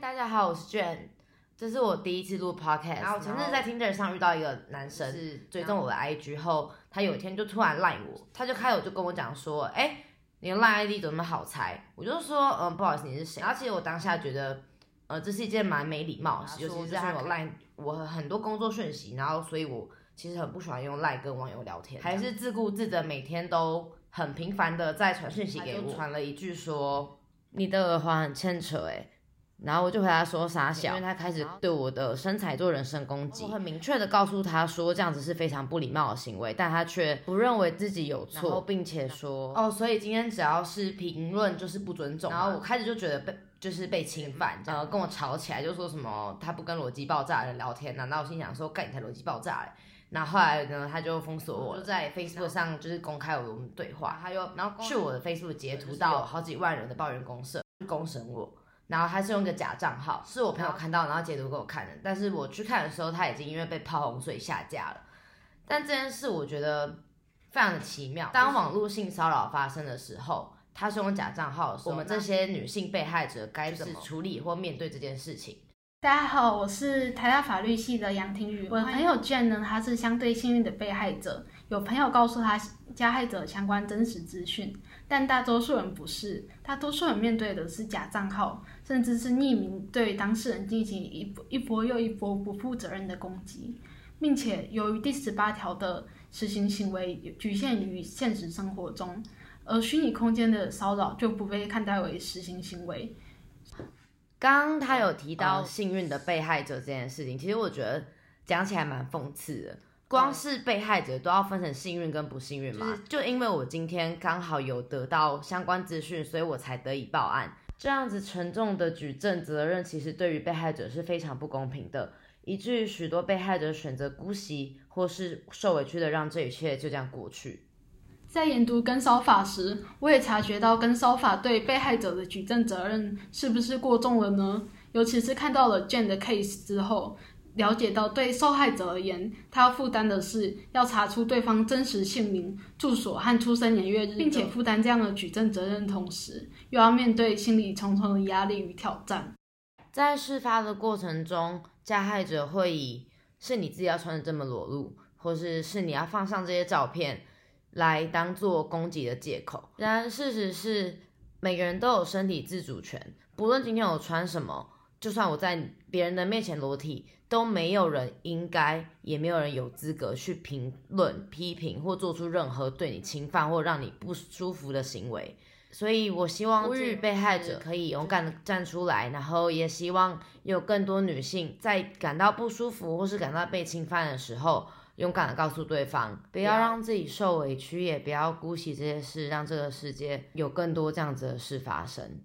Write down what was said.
大家好，我是 Jane，這是我第一次錄 podcast。然後我前陣在 Tinder 上遇到一個男生後，是追蹤我的 IG 後，嗯、他有一天就突然 Line 我，他就開口就跟我講說：“哎、欸，你的 Line ID 怎麼那麼好猜？”我就說：“嗯，不好意思，你是誰？”然後其實我當下覺得，呃，這是一件蠻沒禮貌的事，嗯、尤其是他有 Line 我很多工作訊息，然後所以我其實很不喜歡用 Line 跟網友聊天，還是自顧自的每天都很頻繁的在傳訊息給我，傳了一句說：“你的耳環很牽扯、欸。”然後我就和他說傻小，因為他開始對我的身材做人身攻擊。我很明確的告訴他說，這樣子是非常不禮貌的行為，但他卻不認為自己有錯，並且說哦，所以今天只要是評論就是不尊重。然後我開始就覺得被就是被侵犯，樣然後跟我吵起來，就說什麼他不跟邏輯爆炸的人聊天，啊，然後我心想說幹你才邏輯爆炸，然後後來呢，他就封鎖我，後就在 Facebook 上就是公開我們對話，他又然後，然後去我的 Facebook 截圖到好幾萬人的抱怨公社公審我。然後他是用一個假賬號，是我朋友看到，然後截圖給我看的。但是我去看的時候，他已經因為被炮轟，所以下架了。但這件事我覺得非常的奇妙。是當網絡性騷擾發生的時候，他是用假賬號，我們這些女性被害者該怎麼處理或面對這件事情？大家好，我是台大法律系的楊庭宇。我的朋友圈呢，她是相對幸運的被害者。有朋友告訴他加害者相關真實資訊，但大多數人不是，大多數人面對的是假賬號，甚至是匿名對當事人進行一波一波又一波不負責任的攻擊，並且由於第十八條的實行行為局限於現實生活中，而虛擬空間的騷擾就不被看待為實行行為。剛他有提到幸運的被害者這件事情，其實我覺得講起來蠻諷刺的。光是被害者都要分成幸運跟不幸運嗎？就，就因為我今天剛好有得到相關資訊，所以我才得以報案。這樣子沉重的舉證責任，其實對於被害者是非常不公平的，以至於許多被害者選擇姑息或是受委屈的，讓這一切就這樣過去。在研讀跟騷法時，我也察覺到跟騷法對被害者的舉證責任是不是過重了呢？尤其是看到了 Jen 的 case 之後。了解到，對受害者而言，他要負擔的是要查出對方真實姓名、住所和出生年月日，並且負擔這樣的舉證責任，同時又要面對心理重重的壓力與挑戰。在事發的過程中，加害者會以“是你自己要穿得這麼裸露”或是“是你要放上這些照片”來當做攻擊的借口。然而，事實是每個人都有身體自主權，不論今天我穿什麼。就算我在別人的面前裸體，都沒有人應該，也沒有人有資格去評論、批評或做出任何對你侵犯或讓你不舒服的行為。所以，我希望被被害者可以勇敢的站出來，對然後也希望有更多女性在感到不舒服或是感到被侵犯的時候，勇敢的告訴對方，Yeah. 不要讓自己受委屈也，也不要姑息這些事，讓這個世界有更多這樣子的事發生。